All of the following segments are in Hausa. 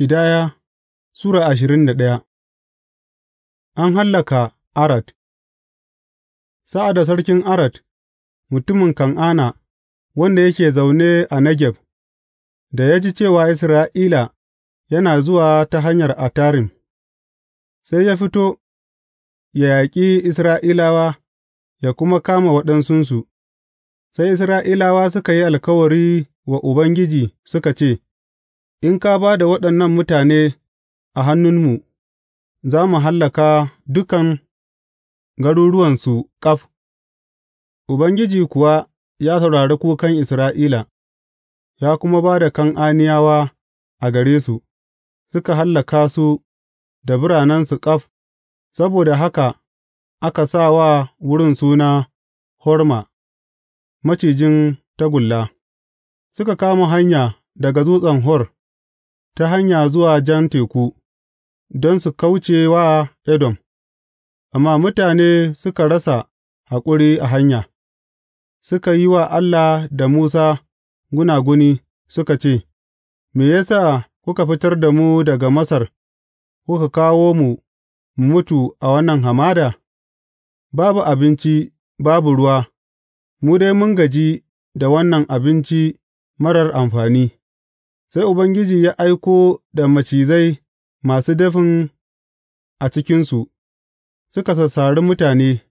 Ƙidaya Sura ashirin da ɗaya. An hallaka Arad Sa'ad da sarkin Arad, mutumin Kan'ana, wanda yake zaune a Negeb, da ya ji cewa Isra'ila yana zuwa ta hanyar Atarim, sai ya fito ya yaƙi Isra'ilawa ya kuma kama waɗansunsu, sai Isra'ilawa suka yi alkawari wa Ubangiji suka ce, In ka ba da waɗannan mutane a hannunmu, za mu hallaka dukan garuruwansu ƙaf, Ubangiji kuwa ya saurari kukan Isra'ila, ya kuma ba da Kan'aniyawa a gare su, suka hallaka su da biranensu ƙaf, saboda haka aka sa wa wurin suna Horma, Macijin Tagulla, suka kama hanya daga dutsen Hor. ta hanya zuwa Jan Teku, don su kauce wa Edom, amma mutane suka rasa haƙuri a hanya, suka yi wa Allah da Musa gunaguni, suka ce, Me ya sa kuka fitar da mu daga Masar, kuka kawo mu mutu a wannan hamada? Babu abinci, babu ruwa, mu dai mun gaji da wannan abinci marar amfani. Sai Ubangiji ya aiko da macizai masu dafin a cikinsu, suka sassari mutane,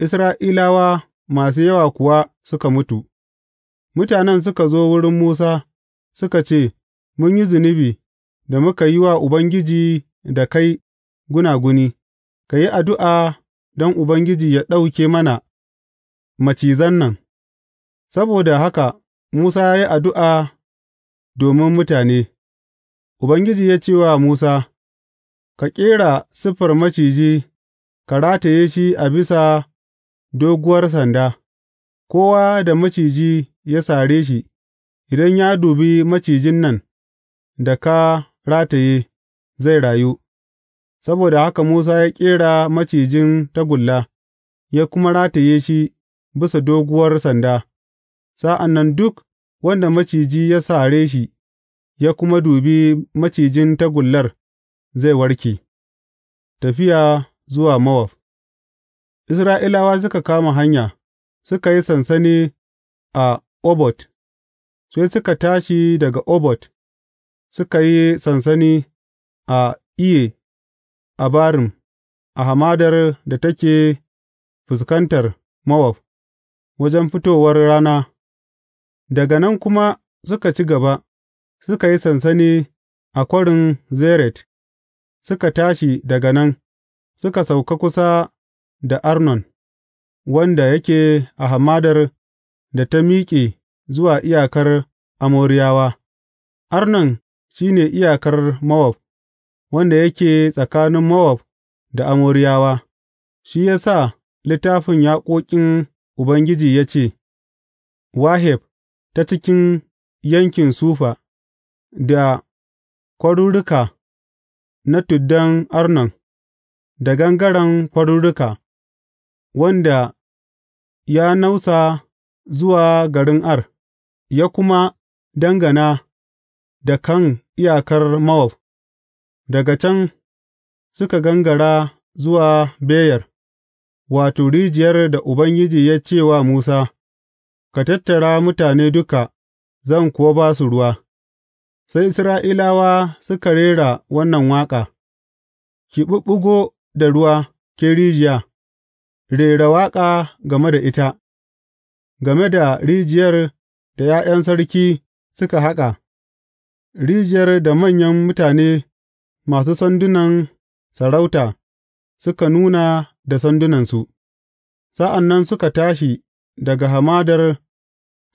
Isra'ilawa masu yawa kuwa suka mutu, mutanen suka zo wurin Musa suka ce, Mun yi zunubi da muka yi wa Ubangiji da kai gunaguni, ka yi addu'a don Ubangiji ya ɗauke mana macizan nan, saboda haka Musa ya yi addu'a. domin mutane Ubangiji ya ce wa Musa, Ka ƙera siffar maciji ka rataye shi a bisa doguwar sanda, kowa da maciji ya sare shi, idan ya dubi macijin nan da ka rataye, zai rayu. Saboda haka Musa ya ƙera macijin tagulla, ya kuma rataye shi bisa doguwar sanda, sa'an nan duk wanda maciji ya sare shi ya kuma dubi macijin tagullar, zai warke. Tafiya zuwa Mowab Isra'ilawa suka kama hanya, suka yi sansani a Obot, sai suka tashi daga Obot, suka yi sansani a Iye, a Barim, a hamadar da take fuskantar Mowab, wajen fitowar rana. Daga nan kuma suka ci gaba, suka yi sansani a Kwarin Zeret, suka tashi daga nan, suka sauka kusa da Arnon, wanda yake a hamadar da ta miƙe zuwa iyakar Amoriyawa, Arnon shi ne iyakar Mowab, wanda yake tsakanin Mowab da Amoriyawa, shi ya sa littafin Yaƙoƙin Ubangiji ya ce, Waheb ta cikin yankin Sufa, da kwaruruka na tuddan Arnon, da gangaren kwaruruka, wanda ya nausa zuwa garin Ar, ya kuma dangana da kan iyakar Mawaf, daga can suka gangara zuwa Beyar, wato, rijiyar da Ubangiji ya ce wa Musa. Ka tattara mutane duka, zan kuwa ba su ruwa.’ Sai Isra'ilawa suka rera wannan waƙa, Ki ɓuɓɓugo da ruwa, ke rijiya, rera waƙa game da ita, game da rijiyar da ’ya'yan sarki suka haƙa, rijiyar da manyan mutane masu sandunan sarauta suka nuna da sandunansu, sa'an nan suka tashi daga hamadar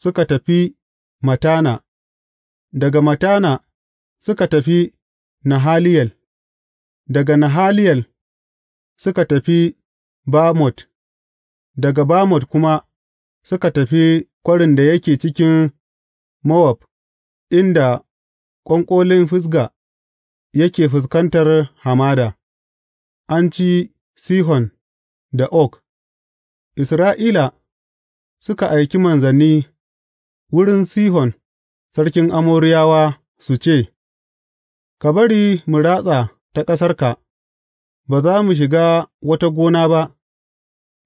suka tafi Matana. daga Matana suka tafi Nahaliyel, daga Nahaliyel suka tafi Bamot, daga Bamot kuma suka tafi kwarin da yake cikin Mowab, inda ƙwanƙolin Fisga yake fuskantar hamada, an ci Sihon da ok. Isra'ila suka aiki manzanni. wurin Sihon sarkin Amoriyawa su ce, Ka bari mu ratsa ta ƙasarka, ba za mu shiga wata gona ba,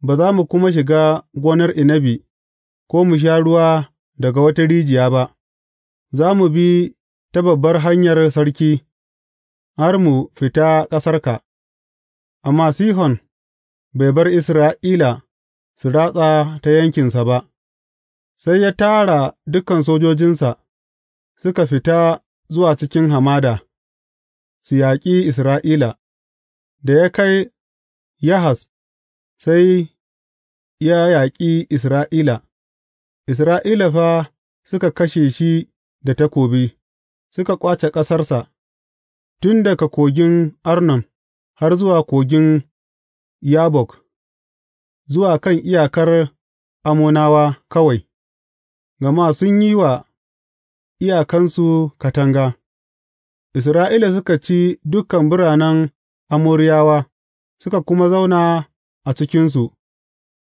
ba za mu kuma shiga gonar inabi ko mu sha ruwa daga wata rijiya ba, za mu bi ta babbar hanyar sarki har mu fita ƙasarka, amma Sihon bai bar Isra'ila su ratsa ta yankinsa ba. Sai ya tara dukan sojojinsa, suka fita zuwa cikin hamada, su yaƙi Isra'ila, da ya kai Yahas sai ya yaƙi Isra'ila, Isra'ila fa suka kashe shi da takobi, suka ƙwace ƙasarsa, tun daga kogin Arnon har zuwa kogin Yabbok, zuwa kan iyakar Ammonawa kawai. Gama sun yi wa iyakansu katanga; Isra'ila suka ci dukan biranen Amoriyawa suka kuma zauna a cikinsu,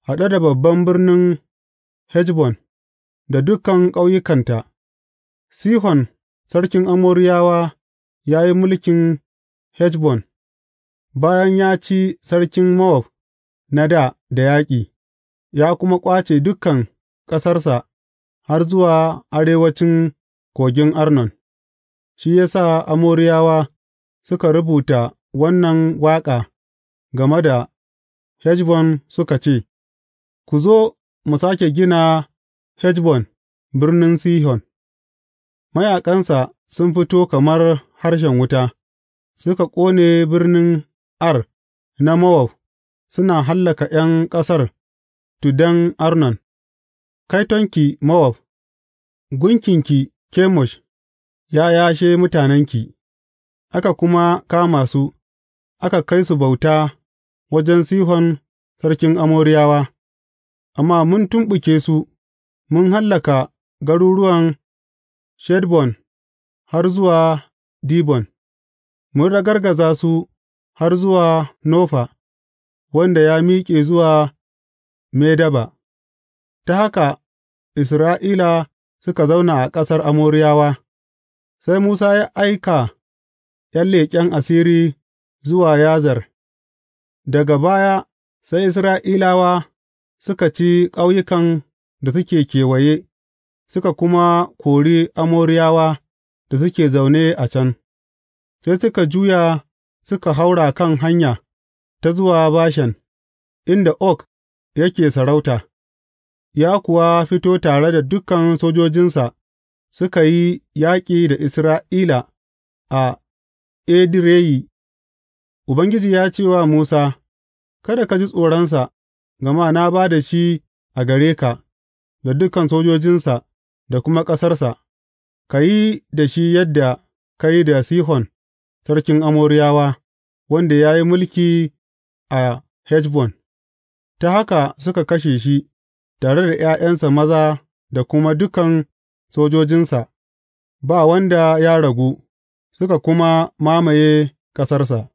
haɗe da babban birnin Heshbon da dukan ƙauyukanta, Sihon sarkin Amoriyawa ya yi mulkin Heshbon bayan ya ci sarkin Mowab na dā da yaƙi, ya kuma ƙwace dukan ƙasarsa. har zuwa arewacin kogin Arnon, shi ya sa Amoriyawa suka rubuta wannan waƙa game da Heshbon suka ce, Ku zo, mu sake gina Heshbon birnin Sihon, mayaƙansa sun fito kamar harshen wuta, suka ƙone birnin Ar na Mowab, suna hallaka ’yan ƙasar tudan Arnon. Kaitonki Mowab, gunkinki Kemosh ya yashe mutanenki, aka kuma kama su, aka kai su bauta wajen Sihon sarkin Amoriyawa, amma mun tumɓuke su mun hallaka garuruwan shedbon har zuwa Dibon, mun ragargaza su har zuwa Nofa, wanda ya miƙe zuwa medaba. Ta haka Isra'ila suka zauna a ƙasar Amoriyawa, sai Musa ya aika ’yan leƙen asiri zuwa yazar, daga baya sai Isra'ilawa suka ci ƙauyukan da suke kewaye, suka kuma kori Amoriyawa da suke zaune a can, sai suka juya suka haura kan hanya ta zuwa Bashan, inda Og yake sarauta. ya kuwa fito tare da dukan sojojinsa suka yi yaƙi da Isra'ila a Edireyi, Ubangiji ya ce wa Musa, Kada ka ji tsoronsa, gama na ba da shi a gare ka, da dukan sojojinsa da kuma ƙasarsa, ka yi da shi yadda ka yi da Sihon, sarkin Amoriyawa, wanda ya yi mulki a Heshbon, ta haka suka kashe shi. tare da ’ya'yansa maza da kuma dukan sojojinsa, ba wanda ya ragu, suka kuma mamaye ƙasarsa.